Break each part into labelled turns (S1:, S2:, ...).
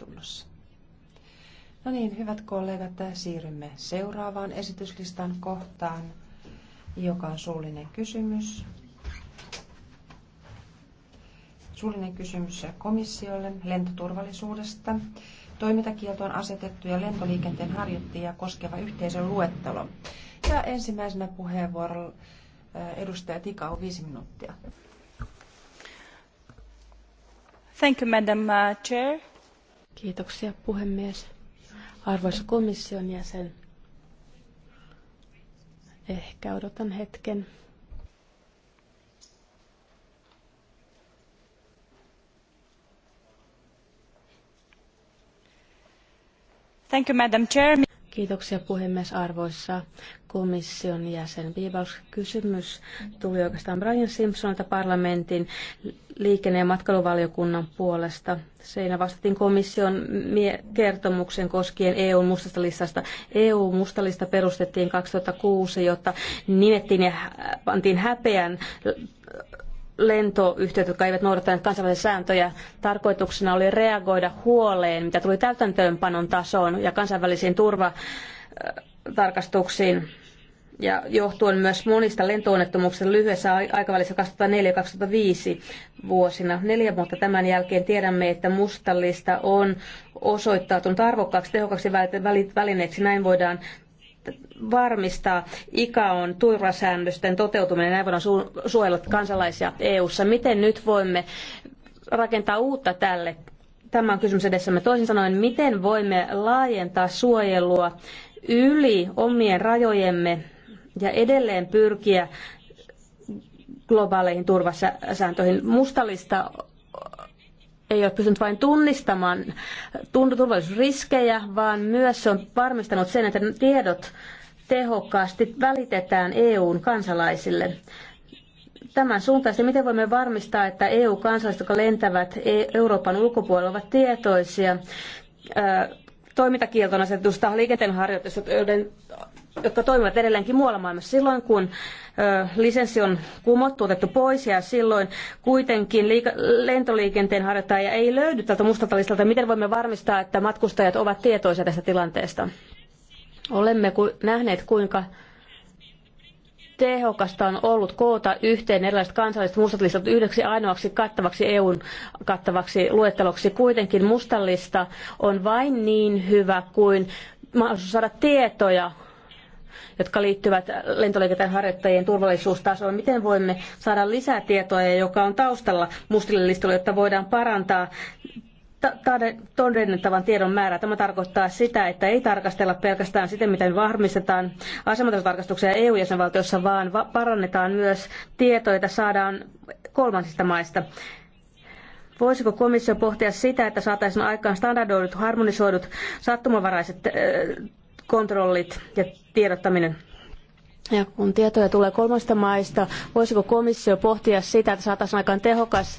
S1: istunnossa. No niin, hyvät kollegat, siirrymme seuraavaan esityslistan kohtaan, joka on suullinen kysymys. Suullinen kysymys komissiolle lentoturvallisuudesta. Toimintakieltoon ja lentoliikenteen harjoittajia koskeva yhteisön luettelo. Ja ensimmäisenä puheenvuorolla äh, edustaja Tikau, viisi minuuttia.
S2: Thank you, Madam uh, Chair. Kiitoksia puhemies. Arvoisa komission jäsen, ehkä odotan hetken. Thank you, Madam Chair. Kiitoksia puhemies arvoissa komission jäsen. Viivaus kysymys tuli oikeastaan Brian Simpsonilta parlamentin liikenne- ja matkailuvaliokunnan puolesta. Seinä vastattiin komission kertomuksen koskien EUn mustasta listasta. EU mustalista perustettiin 2006, jotta nimettiin ja pantiin häpeän lentoyhtiöt, jotka eivät noudattaneet kansainvälisiä sääntöjä. Tarkoituksena oli reagoida huoleen, mitä tuli täytäntöönpanon tasoon ja kansainvälisiin turvatarkastuksiin. Ja johtuen myös monista lentoonnettomuuksista lyhyessä aikavälissä 2004-2005 vuosina. Neljä vuotta tämän jälkeen tiedämme, että mustallista on osoittautunut arvokkaaksi tehokkaaksi välineeksi. Näin voidaan varmistaa ICAON turvasäännösten toteutuminen. Näin voidaan su- suojella kansalaisia EU:ssa. Miten nyt voimme rakentaa uutta tälle? Tämä on kysymys edessämme. Toisin sanoen, miten voimme laajentaa suojelua yli omien rajojemme ja edelleen pyrkiä globaaleihin turvasääntöihin. Mustalista ei ole pystynyt vain tunnistamaan turvallisuusriskejä, vaan myös se on varmistanut sen, että tiedot tehokkaasti välitetään EUn kansalaisille. Tämän suuntaisesti, miten voimme varmistaa, että EU-kansalaiset, jotka lentävät e- Euroopan ulkopuolella, ovat tietoisia toimintakielton asetusta liikenteenharjoittajista, joiden jotka toimivat edelleenkin muualla maailmassa silloin, kun ö, lisenssi on kumottu, otettu pois ja silloin kuitenkin liika- lentoliikenteen harjoittaja ei löydy tältä mustalta listalta. Miten voimme varmistaa, että matkustajat ovat tietoisia tästä tilanteesta? Olemme ku- nähneet, kuinka tehokasta on ollut koota yhteen erilaiset kansalliset mustat listat yhdeksi ainoaksi kattavaksi EUn kattavaksi luetteloksi. Kuitenkin mustallista on vain niin hyvä kuin mahdollisuus saada tietoja jotka liittyvät lentoliikenteen harjoittajien turvallisuustasoon. Miten voimme saada lisää tietoa, joka on taustalla mustille listoille, jotta voidaan parantaa todennettavan tiedon määrä. Tämä tarkoittaa sitä, että ei tarkastella pelkästään sitä, miten varmistetaan asematasotarkastuksia EU-jäsenvaltiossa, vaan parannetaan myös tietoja, joita saadaan kolmansista maista. Voisiko komissio pohtia sitä, että saataisiin aikaan standardoidut, harmonisoidut, sattumavaraiset kontrollit ja tiedottaminen. Ja kun tietoja tulee kolmesta maista, voisiko komissio pohtia sitä, että saataisiin aikaan tehokas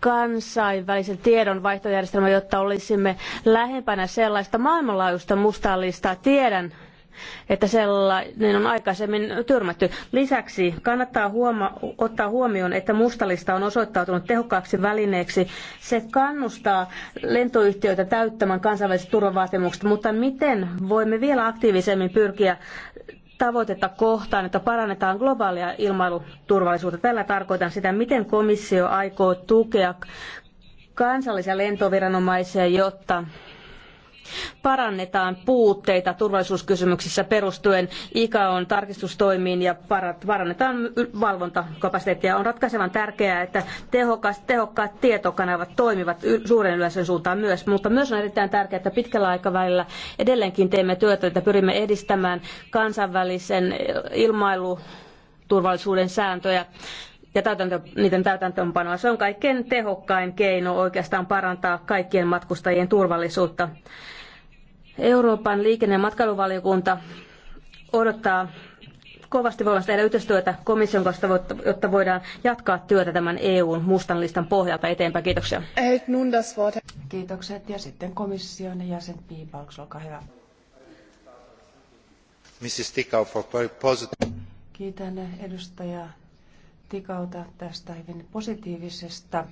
S2: kansainvälisen tiedon vaihtojärjestelmä jotta olisimme lähempänä sellaista maailmanlaajuista mustaa listaa. Tiedän, että sellainen on aikaisemmin tyrmätty. Lisäksi kannattaa huoma- ottaa huomioon, että mustalista on osoittautunut tehokkaaksi välineeksi. Se kannustaa lentoyhtiöitä täyttämään kansainväliset turvavaatimukset, mutta miten voimme vielä aktiivisemmin pyrkiä tavoitetta kohtaan, että parannetaan globaalia ilmailuturvallisuutta. Tällä tarkoitan sitä, miten komissio aikoo tukea kansallisia lentoviranomaisia, jotta parannetaan puutteita turvallisuuskysymyksissä perustuen ICAOn tarkistustoimiin ja parannetaan valvontakapasiteettia. On ratkaisevan tärkeää, että tehokas, tehokkaat tietokanavat toimivat suuren yleisön suuntaan myös, mutta myös on erittäin tärkeää, että pitkällä aikavälillä edelleenkin teemme työtä, että pyrimme edistämään kansainvälisen ilmailuturvallisuuden sääntöjä ja täytäntö, niiden täytäntöönpanoa. Se on kaikkein tehokkain keino oikeastaan parantaa kaikkien matkustajien turvallisuutta. Euroopan liikenne- ja matkailuvaliokunta odottaa kovasti voimassa tehdä yhteistyötä komission kanssa, jotta voidaan jatkaa työtä tämän EUn mustan listan pohjalta eteenpäin. Kiitoksia.
S1: Kiitokset ja sitten komission jäsen Piipalks, olkaa hyvä.
S3: Mrs. Tikau for very positive.
S1: Kiitän edustaja Tikauta tästä hyvin positiivisesta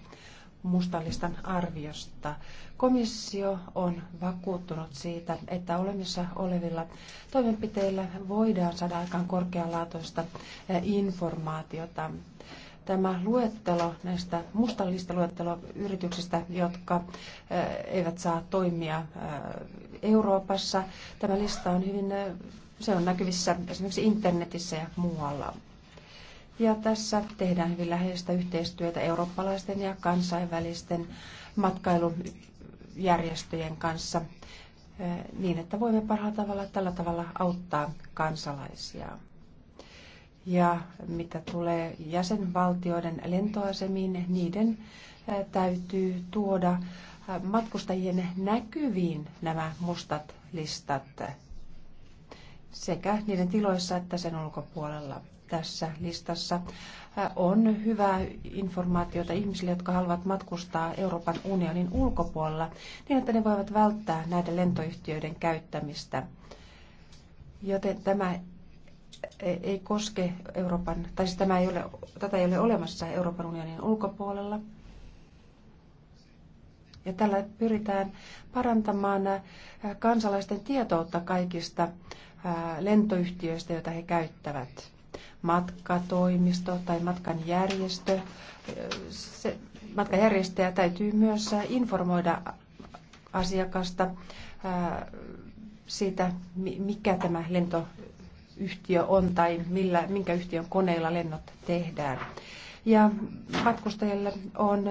S1: mustalistan arviosta. Komissio on vakuuttunut siitä, että olemissa olevilla toimenpiteillä voidaan saada aikaan korkealaatuista eh, informaatiota. Tämä luettelo näistä mustallista yrityksistä, jotka eh, eivät saa toimia eh, Euroopassa, tämä lista on hyvin, se on näkyvissä esimerkiksi internetissä ja muualla. Ja tässä tehdään hyvin läheistä yhteistyötä eurooppalaisten ja kansainvälisten matkailujärjestöjen kanssa eh, niin, että voimme parhaalla tavalla tällä tavalla auttaa kansalaisia. Ja mitä tulee jäsenvaltioiden lentoasemiin, niiden eh, täytyy tuoda eh, matkustajien näkyviin nämä mustat listat sekä niiden tiloissa että sen ulkopuolella tässä listassa on hyvää informaatiota ihmisille, jotka haluavat matkustaa Euroopan unionin ulkopuolella, niin että ne voivat välttää näiden lentoyhtiöiden käyttämistä. Joten tämä e-, ei koske Euroopan, tai siis tämä ei ole, tätä ei ole olemassa Euroopan unionin ulkopuolella. Ja tällä pyritään parantamaan kansalaisten tietoutta kaikista lentoyhtiöistä, joita he käyttävät matkatoimisto tai matkanjärjestö, se, matkajärjestäjä täytyy myös informoida asiakasta siitä, mikä tämä lentoyhtiö on tai millä, minkä yhtiön koneilla lennot tehdään. Ja matkustajille on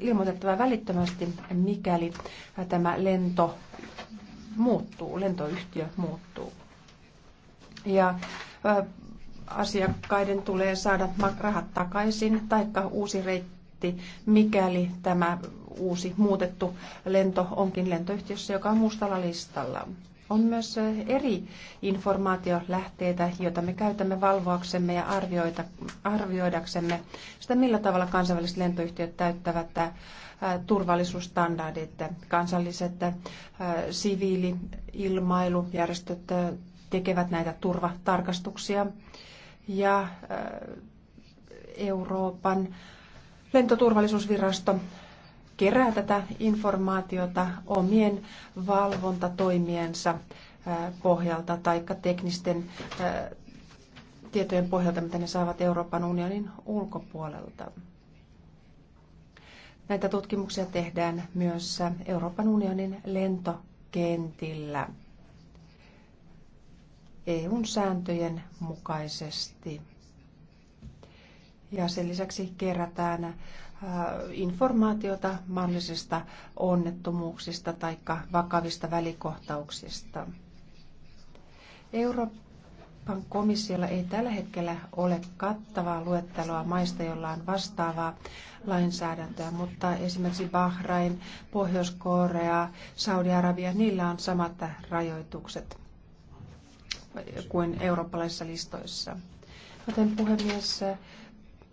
S1: ilmoitettava välittömästi, mikäli tämä lento muuttuu, lentoyhtiö muuttuu. Ja asiakkaiden tulee saada rahat takaisin taikka uusi reitti, mikäli tämä uusi muutettu lento onkin lentoyhtiössä, joka on mustalla listalla. On myös eri informaatiolähteitä, joita me käytämme valvoaksemme ja arvioidaksemme sitä, millä tavalla kansainväliset lentoyhtiöt täyttävät turvallisuusstandardit. Kansalliset siviili-ilmailujärjestöt tekevät näitä turvatarkastuksia ja äh, Euroopan lentoturvallisuusvirasto kerää tätä informaatiota omien valvontatoimiensa äh, pohjalta tai teknisten äh, tietojen pohjalta, mitä ne saavat Euroopan unionin ulkopuolelta. Näitä tutkimuksia tehdään myös Euroopan unionin lentokentillä. EUn sääntöjen mukaisesti. Ja sen lisäksi kerätään äh, informaatiota mahdollisista onnettomuuksista tai vakavista välikohtauksista. Euroopan komissiolla ei tällä hetkellä ole kattavaa luetteloa maista, joilla on vastaavaa lainsäädäntöä, mutta esimerkiksi Bahrain, Pohjois-Korea, Saudi-Arabia, niillä on samat rajoitukset kuin eurooppalaisissa listoissa. Joten puhemies,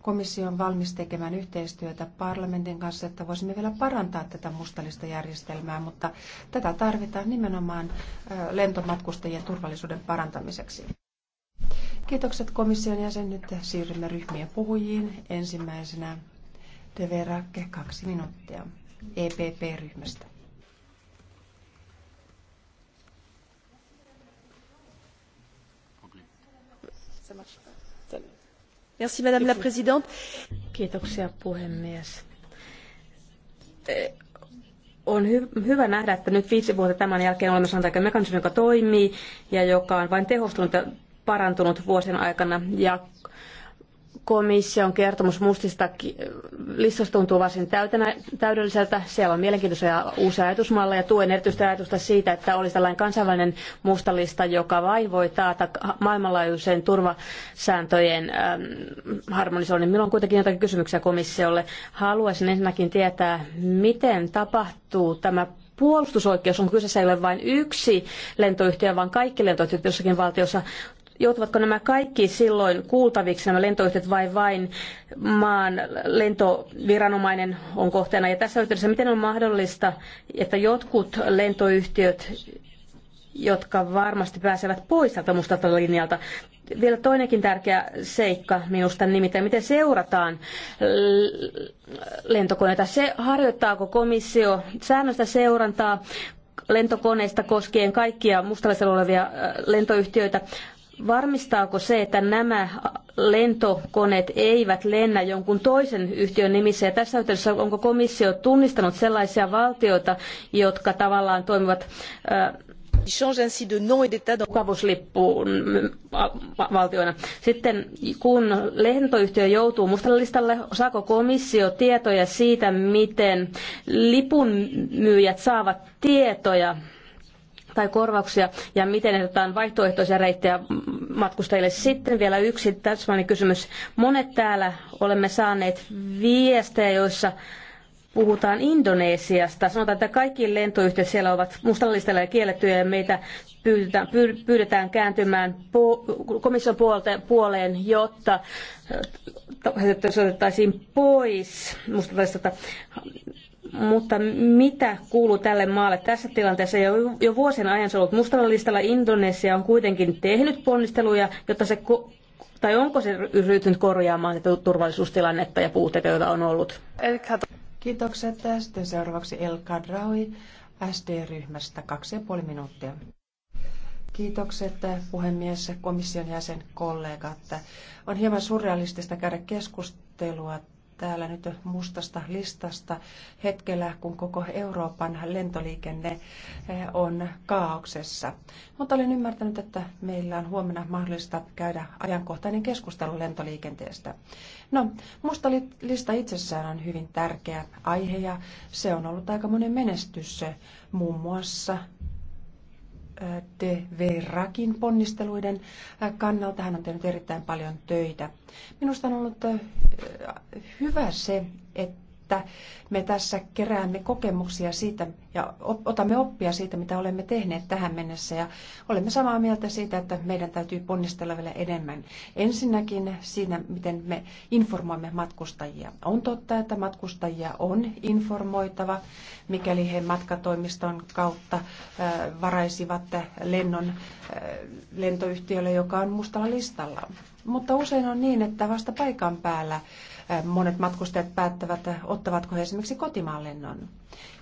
S1: komissio on valmis tekemään yhteistyötä parlamentin kanssa, että voisimme vielä parantaa tätä mustallista järjestelmää, mutta tätä tarvitaan nimenomaan lentomatkustajien turvallisuuden parantamiseksi. Kiitokset komission jäsen. Nyt siirrymme ryhmien puhujiin. Ensimmäisenä Deverakke, kaksi minuuttia, EPP-ryhmästä.
S2: Madame la Présidente. Kiitoksia puhemies. Eh, on hy- hyvä nähdä, että nyt viisi vuotta tämän jälkeen olemme saaneet mekanismin joka toimii ja joka on vain tehostunut ja parantunut vuosien aikana. Ja komission kertomus mustista listasta tuntuu varsin täytenä, täydelliseltä. Siellä on mielenkiintoisia uusia ajatusmalleja. Tuen erityisesti ajatusta siitä, että olisi tällainen kansainvälinen musta lista, joka vain voi taata maailmanlaajuisen turvasääntöjen ähm, harmonisoinnin. Minulla on kuitenkin jotakin kysymyksiä komissiolle. Haluaisin ensinnäkin tietää, miten tapahtuu tämä puolustusoikeus on kyseessä ei ole vain yksi lentoyhtiö, vaan kaikki lentoyhtiöt jossakin valtiossa joutuvatko nämä kaikki silloin kuultaviksi nämä lentoyhtiöt vai vain maan lentoviranomainen on kohteena? Ja tässä yhteydessä, miten on mahdollista, että jotkut lentoyhtiöt, jotka varmasti pääsevät pois tältä mustalta linjalta, vielä toinenkin tärkeä seikka minusta, nimittäin miten seurataan lentokoneita. Se harjoittaako komissio säännöstä seurantaa lentokoneista koskien kaikkia mustalaisella olevia lentoyhtiöitä. Varmistaako se, että nämä lentokoneet eivät lennä jonkun toisen yhtiön nimissä? Ja tässä yhteydessä onko komissio tunnistanut sellaisia valtioita, jotka tavallaan toimivat mukavuuslippuun valtioina. Sitten kun lentoyhtiö joutuu mustalle listalle, saako komissio tietoja siitä, miten lipunmyyjät saavat tietoja tai korvauksia ja miten ehdotetaan vaihtoehtoisia reittejä matkustajille. Sitten vielä yksi täsmällinen kysymys. Monet täällä olemme saaneet viestejä, joissa puhutaan Indonesiasta. Sanotaan, että kaikki lentoyhtiöt siellä ovat mustalla ja kiellettyjä ja meitä pyydetään, pyydetään kääntymään komission puoleen, jotta heidät äh, otettaisiin pois mustallistalta mutta mitä kuuluu tälle maalle tässä tilanteessa? Jo, jo vuosien ajan se on ollut mustalla listalla. Indonesia on kuitenkin tehnyt ponnisteluja, jotta se tai onko se ryhtynyt korjaamaan turvallisuustilannetta ja puutteita, joita on ollut?
S1: Kiitokset. Sitten seuraavaksi El Kadraui SD-ryhmästä kaksi ja puoli minuuttia. Kiitokset puhemies, komission jäsen, kollegat. On hieman surrealistista käydä keskustelua täällä nyt mustasta listasta hetkellä, kun koko Euroopan lentoliikenne eh, on kaauksessa. Mutta olen ymmärtänyt, että meillä on huomenna mahdollista käydä ajankohtainen keskustelu lentoliikenteestä. No, musta lista itsessään on hyvin tärkeä aihe ja se on ollut aika monen menestys eh, muun muassa De Verrakin ponnisteluiden äh, kannalta. Hän on tehnyt erittäin paljon töitä. Minusta on ollut äh, hyvä se, että että me tässä keräämme kokemuksia siitä ja otamme oppia siitä, mitä olemme tehneet tähän mennessä. Ja olemme samaa mieltä siitä, että meidän täytyy ponnistella vielä enemmän. Ensinnäkin siinä, miten me informoimme matkustajia. On totta, että matkustajia on informoitava, mikäli he matkatoimiston kautta varaisivat lennon lentoyhtiölle, joka on mustalla listalla. Mutta usein on niin, että vasta paikan päällä monet matkustajat päättävät, ottavatko he esimerkiksi kotimaan lennon.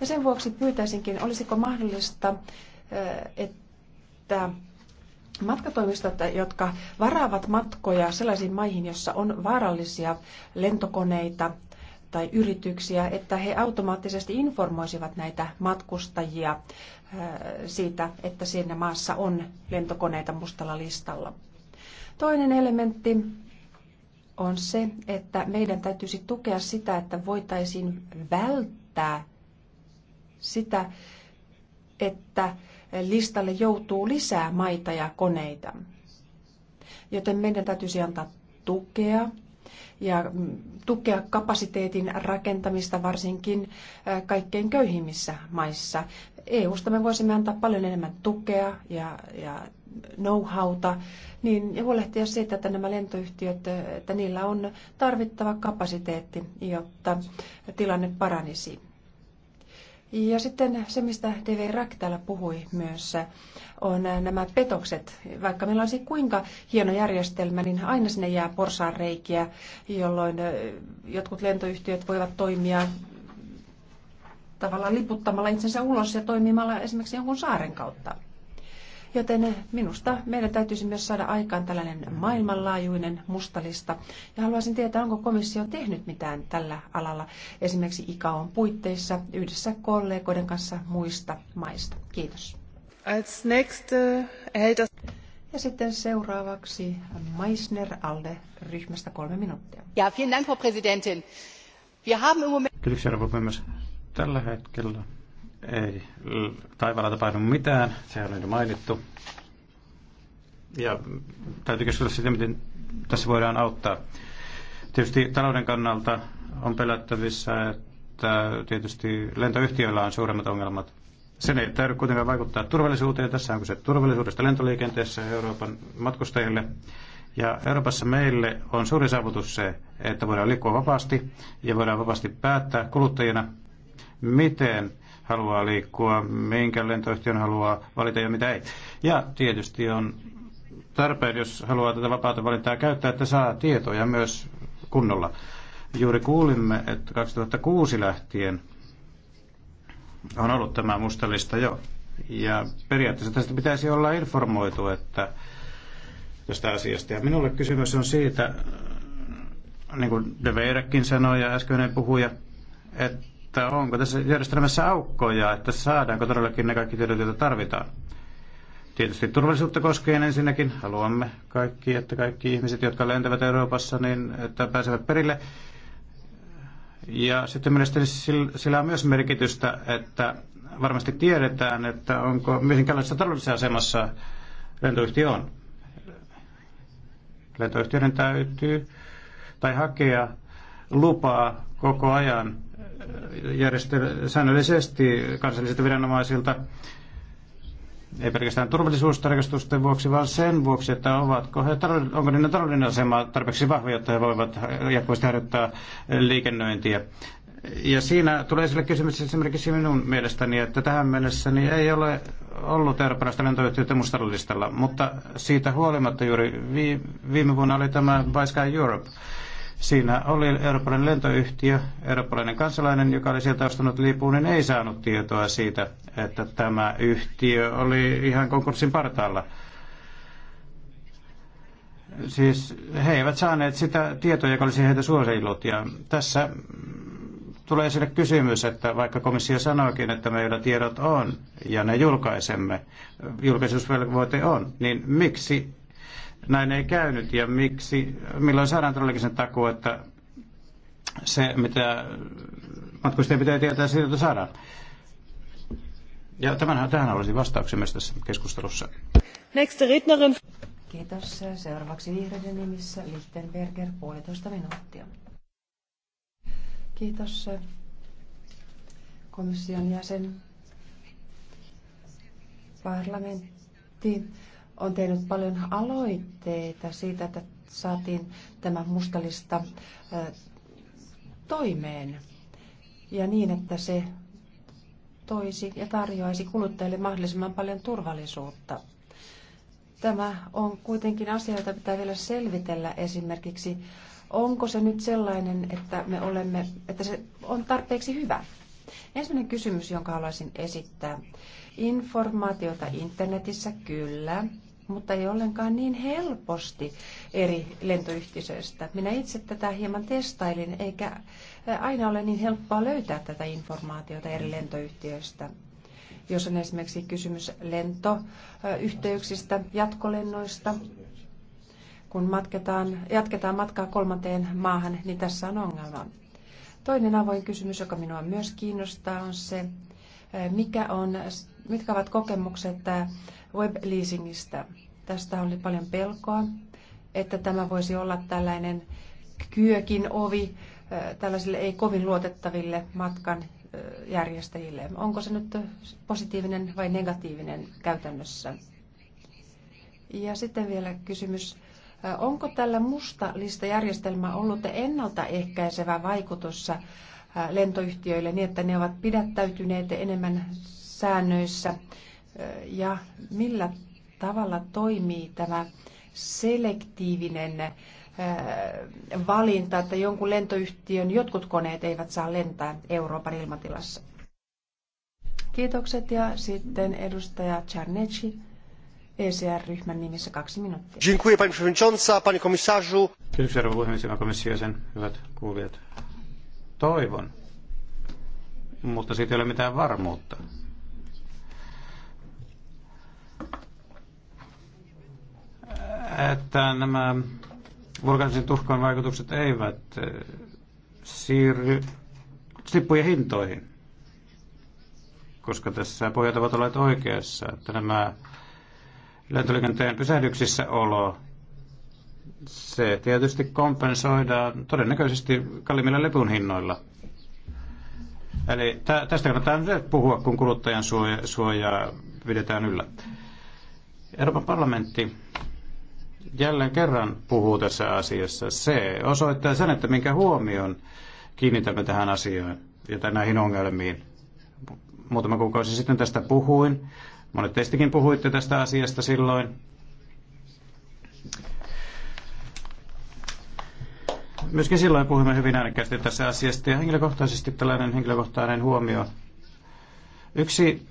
S1: Ja sen vuoksi pyytäisinkin, olisiko mahdollista, että matkatoimistot, jotka varaavat matkoja sellaisiin maihin, jossa on vaarallisia lentokoneita tai yrityksiä, että he automaattisesti informoisivat näitä matkustajia siitä, että siinä maassa on lentokoneita mustalla listalla. Toinen elementti on se, että meidän täytyisi tukea sitä, että voitaisiin välttää sitä, että listalle joutuu lisää maita ja koneita. Joten meidän täytyisi antaa tukea ja tukea kapasiteetin rakentamista varsinkin kaikkein köyhimmissä maissa. EUsta me voisimme antaa paljon enemmän tukea ja, ja know-howta, niin ja huolehtia siitä, että nämä lentoyhtiöt, että niillä on tarvittava kapasiteetti, jotta tilanne paranisi. Ja sitten se, mistä DV Rack täällä puhui myös, on nämä petokset. Vaikka meillä olisi kuinka hieno järjestelmä, niin aina sinne jää porsaanreikiä, jolloin jotkut lentoyhtiöt voivat toimia tavallaan liputtamalla itsensä ulos ja toimimalla esimerkiksi jonkun saaren kautta. Joten minusta meidän täytyisi myös saada aikaan tällainen maailmanlaajuinen mustalista. Ja haluaisin tietää, onko komissio tehnyt mitään tällä alalla, esimerkiksi ICAOn puitteissa yhdessä kollegoiden kanssa muista maista. Kiitos. Als nächste erhält ja sitten seuraavaksi Meissner Alde ryhmästä kolme minuuttia. Ja, vielen Dank, Frau Präsidentin.
S3: Wir haben im Moment... Kiitoksia, Tällä hetkellä ei taivaalla tapahdu mitään, se on jo mainittu. Ja täytyy keskustella sitä miten tässä voidaan auttaa. Tietysti talouden kannalta on pelättävissä, että tietysti lentoyhtiöillä on suuremmat ongelmat. Sen ei täydy kuitenkaan vaikuttaa turvallisuuteen. Tässä on kyse turvallisuudesta lentoliikenteessä Euroopan matkustajille. Ja Euroopassa meille on suuri saavutus se, että voidaan liikkua vapaasti ja voidaan vapaasti päättää kuluttajina, miten haluaa liikkua, minkä lentoyhtiön haluaa valita ja mitä ei. Ja tietysti on tarpeen, jos haluaa tätä vapaata valintaa käyttää, että saa tietoja myös kunnolla. Juuri kuulimme, että 2006 lähtien on ollut tämä mustalista jo. Ja periaatteessa tästä pitäisi olla informoitu, että tästä asiasta. Ja minulle kysymys on siitä, niin kuin De Veirekin sanoi ja äskeinen puhuja, että että onko tässä järjestelmässä aukkoja, että saadaanko todellakin ne kaikki tiedot, joita tarvitaan. Tietysti turvallisuutta koskien ensinnäkin haluamme kaikki, että kaikki ihmiset, jotka lentävät Euroopassa, niin että pääsevät perille. Ja sitten mielestäni sillä on myös merkitystä, että varmasti tiedetään, että onko minkälaisessa taloudellisessa asemassa lentoyhtiö on. Lentoyhtiöiden täytyy tai hakea lupaa koko ajan järjestel- säännöllisesti kansallisilta viranomaisilta ei pelkästään turvallisuustarkastusten vuoksi, vaan sen vuoksi, että ovatko he, onko niiden taloudellinen asema tarpeeksi vahva, jotta he voivat jatkuvasti harjoittaa liikennöintiä. Ja siinä tulee esille kysymys esimerkiksi minun mielestäni, että tähän mennessä niin ei ole ollut eurooppalaista lentoyhtiötä mustalla mutta siitä huolimatta juuri viime vuonna oli tämä Vice Sky Europe Siinä oli eurooppalainen lentoyhtiö, eurooppalainen kansalainen, joka oli sieltä ostanut lipun, niin ei saanut tietoa siitä, että tämä yhtiö oli ihan konkurssin partaalla. Siis he eivät saaneet sitä tietoa, joka olisi heitä suosillut. Ja tässä tulee esille kysymys, että vaikka komissio sanoikin, että meillä tiedot on ja ne julkaisemme, julkaisuusvelvoite on, niin miksi näin ei käynyt ja miksi, milloin saadaan todellakin takuu, että se mitä matkustajien pitää tietää siitä, että tuota saadaan. Ja tämän, tähän olisi vastauksia myös tässä keskustelussa.
S1: Next Rittnerin Kiitos. Seuraavaksi vihreiden nimissä Lichtenberger puolitoista minuuttia. Kiitos komission jäsen parlamentti on tehnyt paljon aloitteita siitä, että saatiin tämä mustalista toimeen ja niin, että se toisi ja tarjoaisi kuluttajille mahdollisimman paljon turvallisuutta. Tämä on kuitenkin asia, jota pitää vielä selvitellä esimerkiksi. Onko se nyt sellainen, että, me olemme, että se on tarpeeksi hyvä? Ensimmäinen kysymys, jonka haluaisin esittää. Informaatiota internetissä, kyllä mutta ei ollenkaan niin helposti eri lentoyhtiöistä. Minä itse tätä hieman testailin, eikä aina ole niin helppoa löytää tätä informaatiota eri lentoyhtiöistä. Jos on esimerkiksi kysymys lentoyhteyksistä, jatkolennoista, kun matketaan, jatketaan matkaa kolmanteen maahan, niin tässä on ongelma. Toinen avoin kysymys, joka minua myös kiinnostaa, on se, mikä on, mitkä ovat kokemukset webleasingistä. Tästä oli paljon pelkoa, että tämä voisi olla tällainen kyökin ovi tällaisille ei kovin luotettaville matkan järjestäjille. Onko se nyt positiivinen vai negatiivinen käytännössä? Ja sitten vielä kysymys. Onko tällä musta lista järjestelmä ollut ennaltaehkäisevä vaikutus lentoyhtiöille niin, että ne ovat pidättäytyneet enemmän säännöissä ja millä tavalla toimii tämä selektiivinen äh, valinta, että jonkun lentoyhtiön jotkut koneet eivät saa lentää Euroopan ilmatilassa. Kiitokset ja sitten edustaja Czarnecki. ECR-ryhmän nimissä kaksi minuuttia.
S3: Dziękuję pani przewodnicząca, pani komisarzu. Kiitoksia rouva puhemies, ja komissio sen hyvät kuulijat. Toivon, mutta siitä ei ole mitään varmuutta, että nämä vulkanisen tuhkan vaikutukset eivät eh, siirry sippujen hintoihin, koska tässä pojat ovat olleet oikeassa, että nämä lentoliikenteen pysähdyksissä olo, se tietysti kompensoidaan todennäköisesti kalliimmilla lepun hinnoilla. Eli tästä kannattaa nyt puhua, kun kuluttajan suojaa pidetään yllä. Euroopan parlamentti jälleen kerran puhuu tässä asiassa. Se osoittaa sen, että minkä huomion kiinnitämme tähän asiaan ja näihin ongelmiin. Muutama kuukausi sitten tästä puhuin. Monet teistäkin puhuitte tästä asiasta silloin. Myöskin silloin puhuimme hyvin äänekkäästi tässä asiasta ja henkilökohtaisesti tällainen henkilökohtainen huomio. Yksi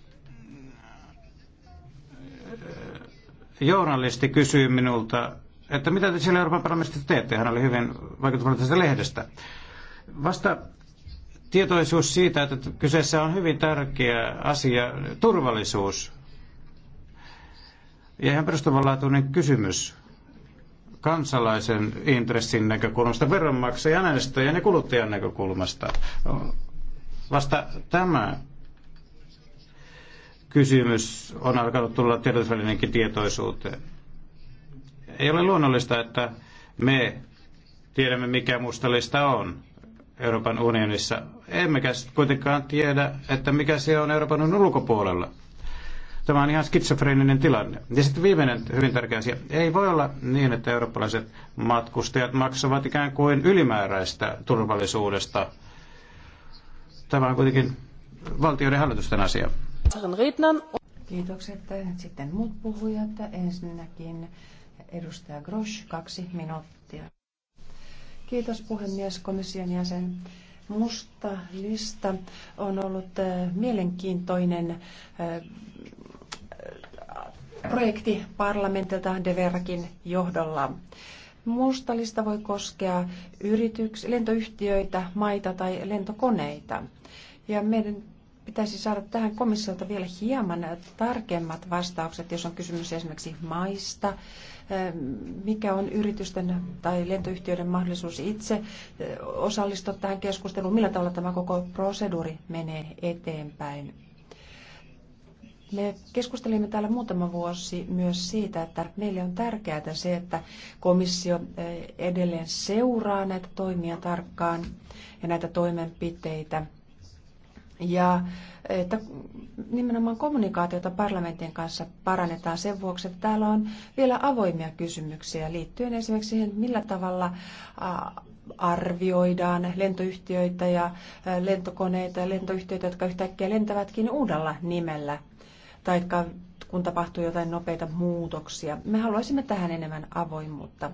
S3: journalisti kysyi minulta, että mitä te siellä Euroopan parlamentissa teette. Hän oli hyvin vaikuttunut tästä lehdestä. Vasta tietoisuus siitä, että kyseessä on hyvin tärkeä asia, turvallisuus. Ja ihan perustavanlaatuinen kysymys kansalaisen intressin näkökulmasta, veronmaksajan, äänestäjän ja kuluttajan näkökulmasta. Vasta tämä kysymys on alkanut tulla tiedotusvälineenkin tietoisuuteen. Ei ole luonnollista, että me tiedämme, mikä mustalista on Euroopan unionissa. Emmekä kuitenkaan tiedä, että mikä se on Euroopan unionin ulkopuolella. Tämä on ihan skitsofreeninen tilanne. Ja sitten viimeinen hyvin tärkeä asia. Ei voi olla niin, että eurooppalaiset matkustajat maksavat ikään kuin ylimääräistä turvallisuudesta. Tämä on kuitenkin valtioiden hallitusten asia.
S1: Kiitokset. Sitten muut puhujat. Ensinnäkin edustaja Grosch, kaksi minuuttia. Kiitos puhemies, komission jäsen. Musta lista on ollut äh, mielenkiintoinen äh, projekti parlamentilta Deverakin johdolla. Musta lista voi koskea yrityks, lentoyhtiöitä, maita tai lentokoneita. Ja meidän pitäisi saada tähän komissiolta vielä hieman tarkemmat vastaukset, jos on kysymys esimerkiksi maista, ehm, mikä on yritysten tai lentoyhtiöiden mahdollisuus itse eh, osallistua tähän keskusteluun, millä tavalla tämä koko proseduuri menee eteenpäin. Me keskustelimme täällä muutama vuosi myös siitä, että meille on tärkeää se, että komissio eh, edelleen seuraa näitä toimia tarkkaan ja näitä toimenpiteitä – ja että nimenomaan kommunikaatiota parlamentin kanssa parannetaan sen vuoksi, että täällä on vielä avoimia kysymyksiä liittyen esimerkiksi siihen, millä tavalla arvioidaan lentoyhtiöitä ja lentokoneita ja lentoyhtiöitä, jotka yhtäkkiä lentävätkin uudella nimellä, tai kun tapahtuu jotain nopeita muutoksia. Me haluaisimme tähän enemmän avoimuutta.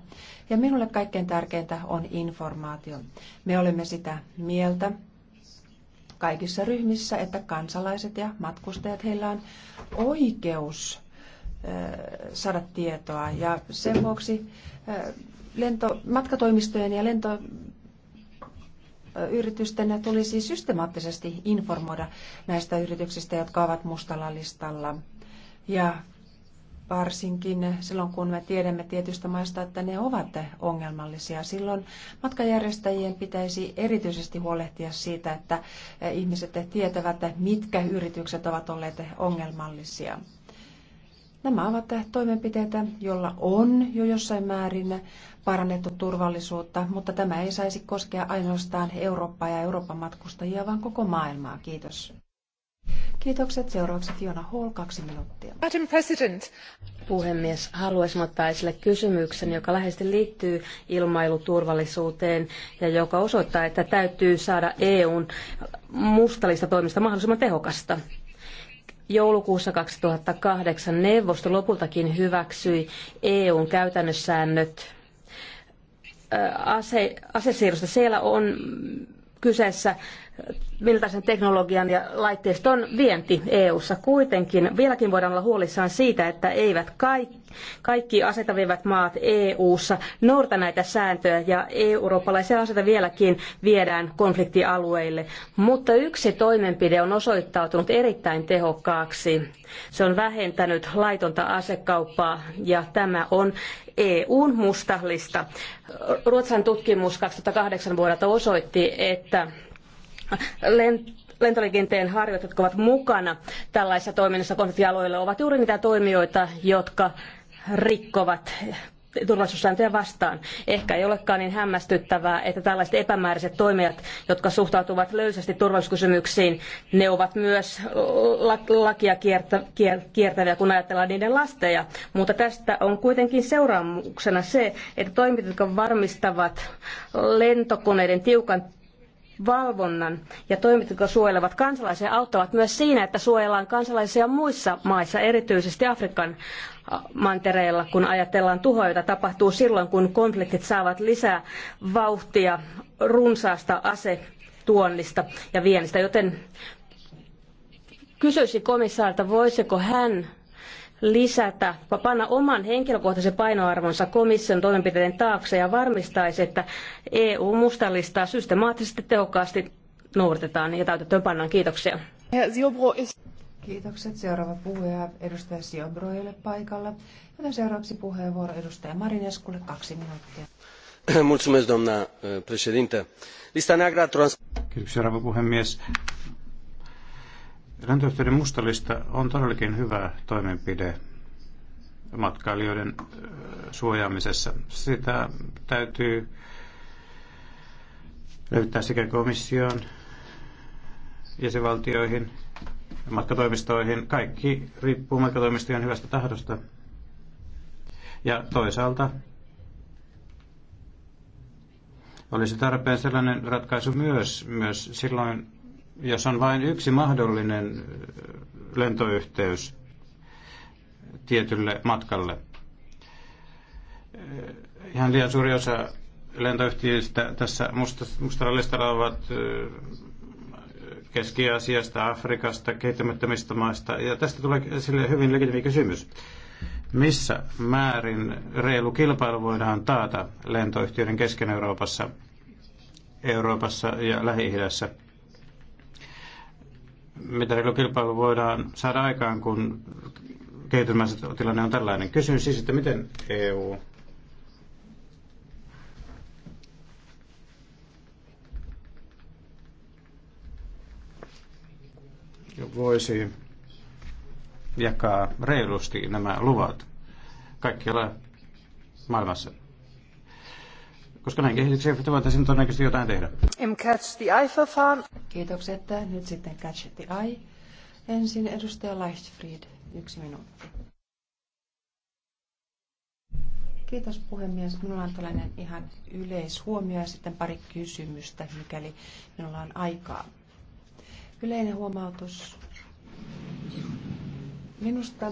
S1: Ja minulle kaikkein tärkeintä on informaatio. Me olemme sitä mieltä, kaikissa ryhmissä, että kansalaiset ja matkustajat, heillä on oikeus saada tietoa. Ja sen vuoksi lento, matkatoimistojen ja lentoyritysten tulisi systemaattisesti informoida näistä yrityksistä, jotka ovat mustalla listalla. Ja varsinkin silloin, kun me tiedämme tietystä maista, että ne ovat ongelmallisia. Silloin matkajärjestäjien pitäisi erityisesti huolehtia siitä, että ihmiset tietävät, mitkä yritykset ovat olleet ongelmallisia. Nämä ovat toimenpiteitä, joilla on jo jossain määrin parannettu turvallisuutta, mutta tämä ei saisi koskea ainoastaan Eurooppaa ja Euroopan matkustajia, vaan koko maailmaa. Kiitos. Kiitokset. Seuraavaksi Fiona Hall,
S2: kaksi minuuttia. Madam President. Puhemies, haluaisin ottaa esille kysymyksen, joka läheisesti liittyy ilmailuturvallisuuteen ja joka osoittaa, että täytyy saada EUn mustalista toimista mahdollisimman tehokasta. Joulukuussa 2008 neuvosto lopultakin hyväksyi EUn käytännössäännöt ase, asesiirrosta. Siellä on kyseessä millaisen teknologian ja laitteiston vienti EU-ssa. Kuitenkin vieläkin voidaan olla huolissaan siitä, että eivät kaikki, kaikki asetavivät maat EU-ssa noudata näitä sääntöjä ja eurooppalaisia aseita vieläkin viedään konfliktialueille. Mutta yksi toimenpide on osoittautunut erittäin tehokkaaksi. Se on vähentänyt laitonta asekauppaa ja tämä on EUn musta lista. Ruotsan tutkimus 2008 vuodelta osoitti, että lentoliikenteen harjoittajat, jotka ovat mukana tällaisessa toiminnassa konfliktialueilla, ovat juuri niitä toimijoita, jotka rikkovat turvallisuussääntöjä vastaan. Ehkä ei olekaan niin hämmästyttävää, että tällaiset epämääräiset toimijat, jotka suhtautuvat löysästi turvallisuuskysymyksiin, ne ovat myös lakia kiertäviä, kun ajatellaan niiden lasteja. Mutta tästä on kuitenkin seuraamuksena se, että toimijat, jotka varmistavat lentokoneiden tiukan valvonnan ja toimet, jotka suojelevat kansalaisia, auttavat myös siinä, että suojellaan kansalaisia muissa maissa, erityisesti Afrikan mantereilla, kun ajatellaan tuhoa, jota tapahtuu silloin, kun konfliktit saavat lisää vauhtia runsaasta asetuonnista ja viennistä. Joten kysyisin komissaarilta, voisiko hän lisätä, panna oman henkilökohtaisen painoarvonsa komission toimenpiteiden taakse ja varmistaisi, että EU mustallistaa systemaattisesti tehokkaasti noudatetaan ja täytettyön pannaan. Kiitoksia.
S1: Kiitokset. Seuraava puhuja edustaja Siobroille ei ole paikalla. Joten seuraavaksi puheenvuoro edustaja Marineskulle
S2: kaksi minuuttia. Mulțumesc, doamna eh, președinte. Lista neagră a trans...
S3: Kiitoksia, rouva puhemies. Lentoyhtiöiden mustalista on todellakin hyvä toimenpide matkailijoiden suojaamisessa. Sitä täytyy löytää sekä komissioon, jäsenvaltioihin, matkatoimistoihin. Kaikki riippuu matkatoimistojen hyvästä tahdosta. Ja toisaalta olisi tarpeen sellainen ratkaisu myös, myös silloin, jos on vain yksi mahdollinen lentoyhteys tietylle matkalle. Ihan liian suuri osa lentoyhtiöistä tässä mustalla listalla ovat Keski-Aasiasta, Afrikasta, kehittämättömistä maista. Ja tästä tulee sille hyvin legitimi kysymys. Missä määrin reilu kilpailu voidaan taata lentoyhtiöiden kesken Euroopassa, Euroopassa ja Lähi-idässä? mitä reilu kilpailu voidaan saada aikaan, kun kehitysmäiset tilanne on tällainen. Kysyn siis, että miten EU voisi jakaa reilusti nämä luvat kaikkialla maailmassa koska näin kehitykseen voitaisiin todennäköisesti jotain tehdä. Catch the
S1: Kiitokset. Nyt sitten Catch the Eye. Ensin edustaja Leichtfried, yksi minuutti. Kiitos puhemies. Minulla on tällainen ihan yleishuomio ja sitten pari kysymystä, mikäli minulla on aikaa. Yleinen huomautus. Minusta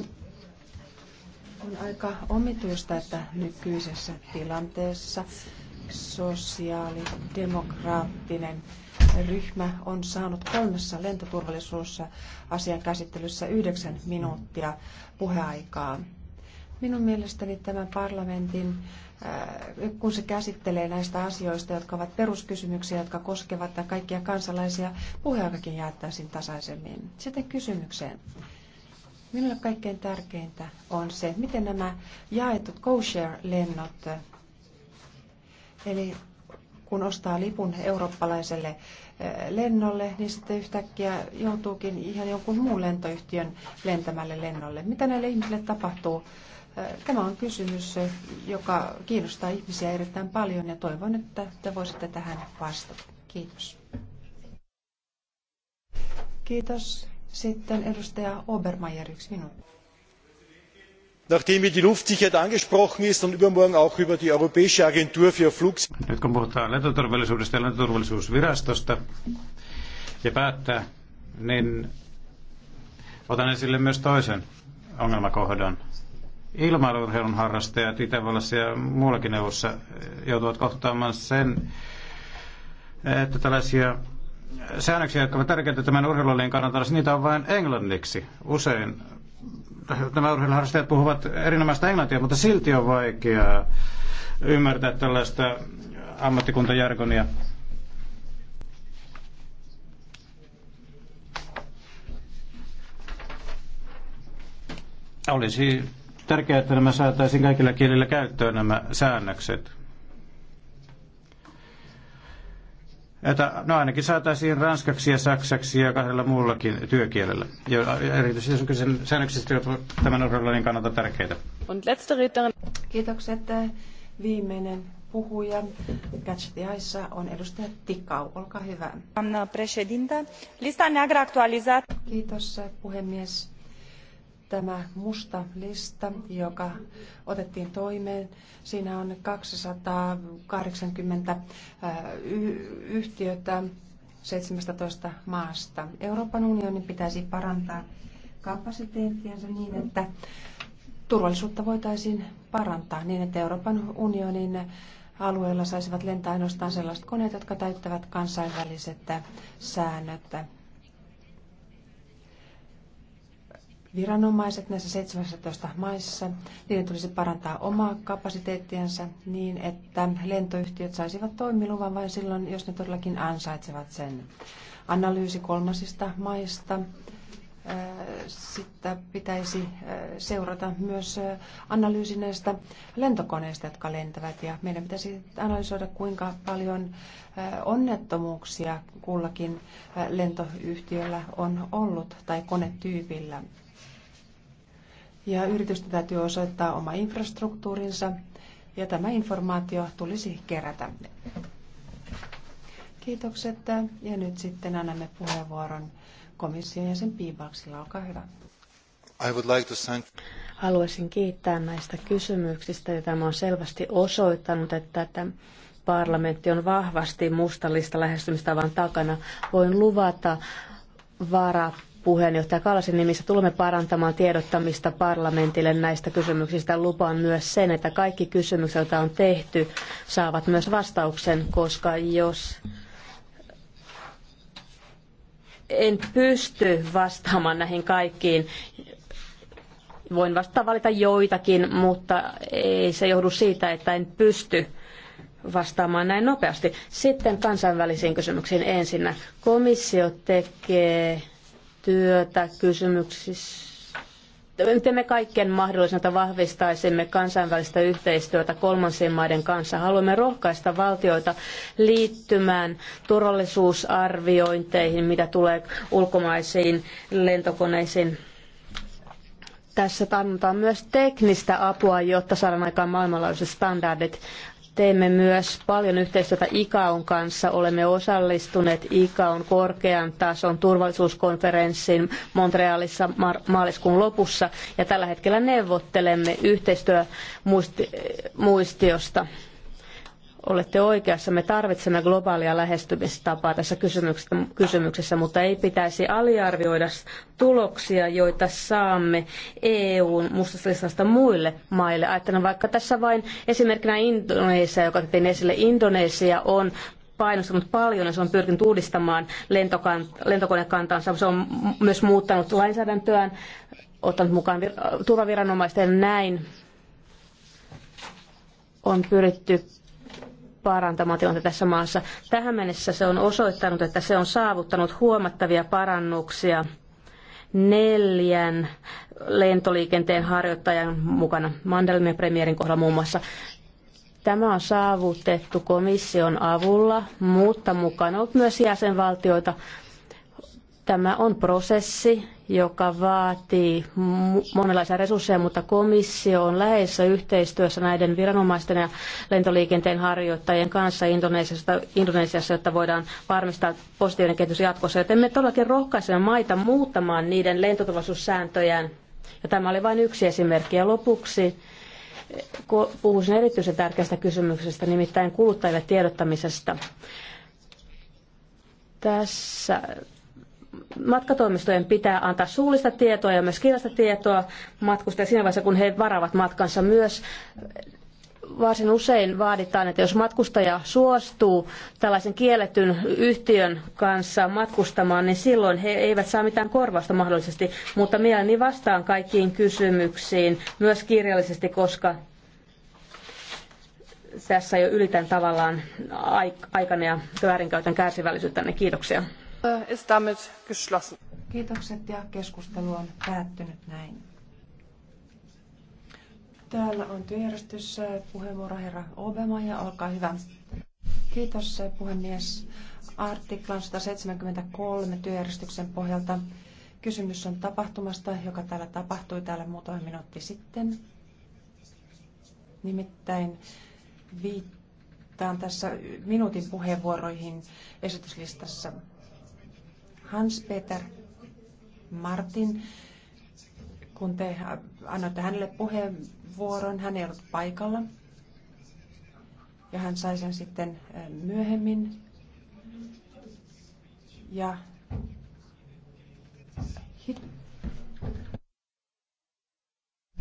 S1: on aika omituista, että nykyisessä tilanteessa sosiaalidemokraattinen ryhmä on saanut kolmessa lentoturvallisuussa käsittelyssä yhdeksän minuuttia puheaikaa. Minun mielestäni tämä parlamentin, äh, kun se käsittelee näistä asioista, jotka ovat peruskysymyksiä, jotka koskevat kaikkia kansalaisia, puheaikakin jaettaisiin tasaisemmin. Sitten kysymykseen. Minulle kaikkein tärkeintä on se, miten nämä jaetut co-share-lennot Eli kun ostaa lipun eurooppalaiselle eh, lennolle, niin sitten yhtäkkiä joutuukin ihan jonkun muun lentoyhtiön lentämälle lennolle. Mitä näille ihmisille tapahtuu? Eh, tämä on kysymys, eh, joka kiinnostaa ihmisiä erittäin paljon ja toivon, että te voisitte tähän vastata. Kiitos. Kiitos. Sitten edustaja Obermeier, yksi minuutti
S3: nachdem hier die luftsicherheit angesprochen ist und übermorgen auch über die europäische agentur für flugsicherheit. ja päättää, niin otan esille myös toisen ongelmakohdan. Ilmailurheilun harrastajat Itävallassa ja muuallakin neuvossa eh, joutuvat kohtaamaan sen, että tällaisia säännöksiä, jotka ovat tärkeitä tämän urheilulajin kannalta, niin niitä on vain englanniksi. Usein nämä urheiluharrastajat puhuvat erinomaista englantia, mutta silti on vaikeaa ymmärtää tällaista ammattikuntajargonia. Olisi tärkeää, että nämä saataisiin kaikilla kielillä käyttöön nämä säännökset. että no ainakin saataisiin ranskaksi ja saksaksi ja kahdella muullakin työkielellä. Ja erityisesti jos on kyse säännöksistä, jotka ovat tämän Irlannin kannalta tärkeitä.
S1: Kiitokset. Eh, viimeinen puhuja Catch on edustaja Tikau. Olkaa hyvä. Lista neagră actualizat. Kiitos eh, puhemies tämä musta lista, joka otettiin toimeen. Siinä on 280 yhtiötä 17 maasta. Euroopan unionin pitäisi parantaa kapasiteettiansa niin, että turvallisuutta voitaisiin parantaa niin, että Euroopan unionin alueella saisivat lentää ainoastaan sellaiset koneet, jotka täyttävät kansainväliset säännöt viranomaiset näissä 17 maissa, niiden tulisi parantaa omaa kapasiteettiansa niin, että lentoyhtiöt saisivat toimiluvan vain silloin, jos ne todellakin ansaitsevat sen. Analyysi kolmasista maista äh, sitten pitäisi äh, seurata myös äh, analyysi näistä lentokoneista, jotka lentävät. Ja meidän pitäisi analysoida, kuinka paljon onnettomuuksia kullakin lentoyhtiöllä on ollut tai konetyypillä ja yritysten täytyy osoittaa oma infrastruktuurinsa ja tämä informaatio tulisi kerätä. Kiitokset ja nyt sitten annamme puheenvuoron komission jäsen Piibaksilla. Olkaa hyvä.
S3: I would like to thank...
S2: Haluaisin kiittää näistä kysymyksistä ja tämä on selvästi osoittanut, että tämä parlamentti on vahvasti mustallista lähestymistavan takana. Voin luvata vara puheenjohtaja Kallasin nimissä tulemme parantamaan tiedottamista parlamentille näistä kysymyksistä. Lupaan myös sen, että kaikki kysymykset, joita on tehty, saavat myös vastauksen, koska jos en pysty vastaamaan näihin kaikkiin, voin vasta valita joitakin, mutta ei se johdu siitä, että en pysty vastaamaan näin nopeasti. Sitten kansainvälisiin kysymyksiin ensinnä. Komissio tekee työtä kysymyksissä teemme kaiken mahdollisen, että vahvistaisimme kansainvälistä yhteistyötä kolmansien maiden kanssa. Haluamme rohkaista valtioita liittymään turvallisuusarviointeihin, mitä tulee ulkomaisiin lentokoneisiin. Tässä tarvitaan myös teknistä apua, jotta saadaan aikaan maailmanlaajuiset standardit. Teemme myös paljon yhteistyötä ICAON kanssa. Olemme osallistuneet ICAON korkean tason turvallisuuskonferenssin Montrealissa maaliskuun lopussa ja tällä hetkellä neuvottelemme yhteistyömuistiosta olette oikeassa, me tarvitsemme globaalia lähestymistapaa tässä kysymyksessä, mutta ei pitäisi aliarvioida tuloksia, joita saamme EUn mustasta muille maille. Ajattelen vaikka tässä vain esimerkkinä Indonesia, joka otettiin esille. Indonesia on painostanut paljon ja se on pyrkinyt uudistamaan lentokonekantaansa. Se on myös muuttanut lainsäädäntöään, ottanut mukaan turvaviranomaisten näin on pyritty parantamaan tässä maassa. Tähän mennessä se on osoittanut, että se on saavuttanut huomattavia parannuksia neljän lentoliikenteen harjoittajan mukana, Mandelmin premierin kohdalla muun muassa. Tämä on saavutettu komission avulla, mutta mukana on myös jäsenvaltioita. Tämä on prosessi, joka vaatii monenlaisia resursseja, mutta komissio on läheisessä yhteistyössä näiden viranomaisten ja lentoliikenteen harjoittajien kanssa Indonesiassa, Indonesiassa jotta voidaan varmistaa positiivinen kehitys jatkossa. Joten me todellakin rohkaisemme maita muuttamaan niiden lentoturvallisuussääntöjään. Ja tämä oli vain yksi esimerkki. Ja lopuksi puhuisin erityisen tärkeästä kysymyksestä, nimittäin kuluttajille tiedottamisesta. Tässä matkatoimistojen pitää antaa suullista tietoa ja myös kirjallista tietoa matkustajille siinä vaiheessa, kun he varaavat matkansa myös. Varsin usein vaaditaan, että jos matkustaja suostuu tällaisen kielletyn yhtiön kanssa matkustamaan, niin silloin he eivät saa mitään korvausta mahdollisesti, mutta mielelläni vastaan kaikkiin kysymyksiin myös kirjallisesti, koska tässä jo ylitän tavallaan aikana ja väärinkäytön kärsivällisyyttä. Kiitoksia.
S1: Äh, ist damit geschlossen. Kiitokset ja keskustelu on päättynyt näin. Täällä on työjärjestys puheenvuoro herra Obama ja olkaa hyvä. Kiitos äh, puhemies. Artiklan 173 työjärjestyksen pohjalta kysymys on tapahtumasta, joka täällä tapahtui täällä muutama minuutti sitten. Nimittäin viittaan tässä minuutin puheenvuoroihin esityslistassa. Hans-Peter Martin, kun te annoitte hänelle puheenvuoron, hän ei ollut paikalla. Ja hän sai sen sitten myöhemmin. Ja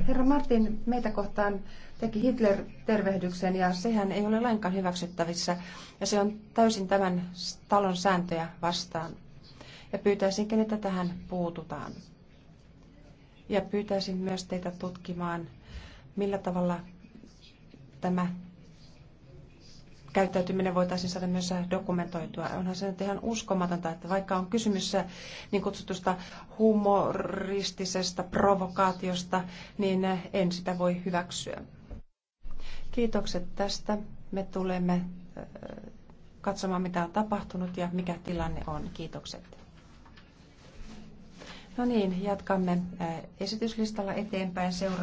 S1: Herra Martin meitä kohtaan teki Hitler-tervehdyksen ja sehän ei ole lainkaan hyväksyttävissä ja se on täysin tämän talon sääntöjä vastaan ja pyytäisinkin, että tähän puututaan. Ja pyytäisin myös teitä tutkimaan, millä tavalla tämä käyttäytyminen voitaisiin saada myös dokumentoitua. Onhan se nyt ihan uskomatonta, että vaikka on kysymys niin kutsutusta humoristisesta provokaatiosta, niin en sitä voi hyväksyä. Kiitokset tästä. Me tulemme katsomaan, mitä on tapahtunut ja mikä tilanne on. Kiitokset. No niin, jatkamme esityslistalla eteenpäin. Seura-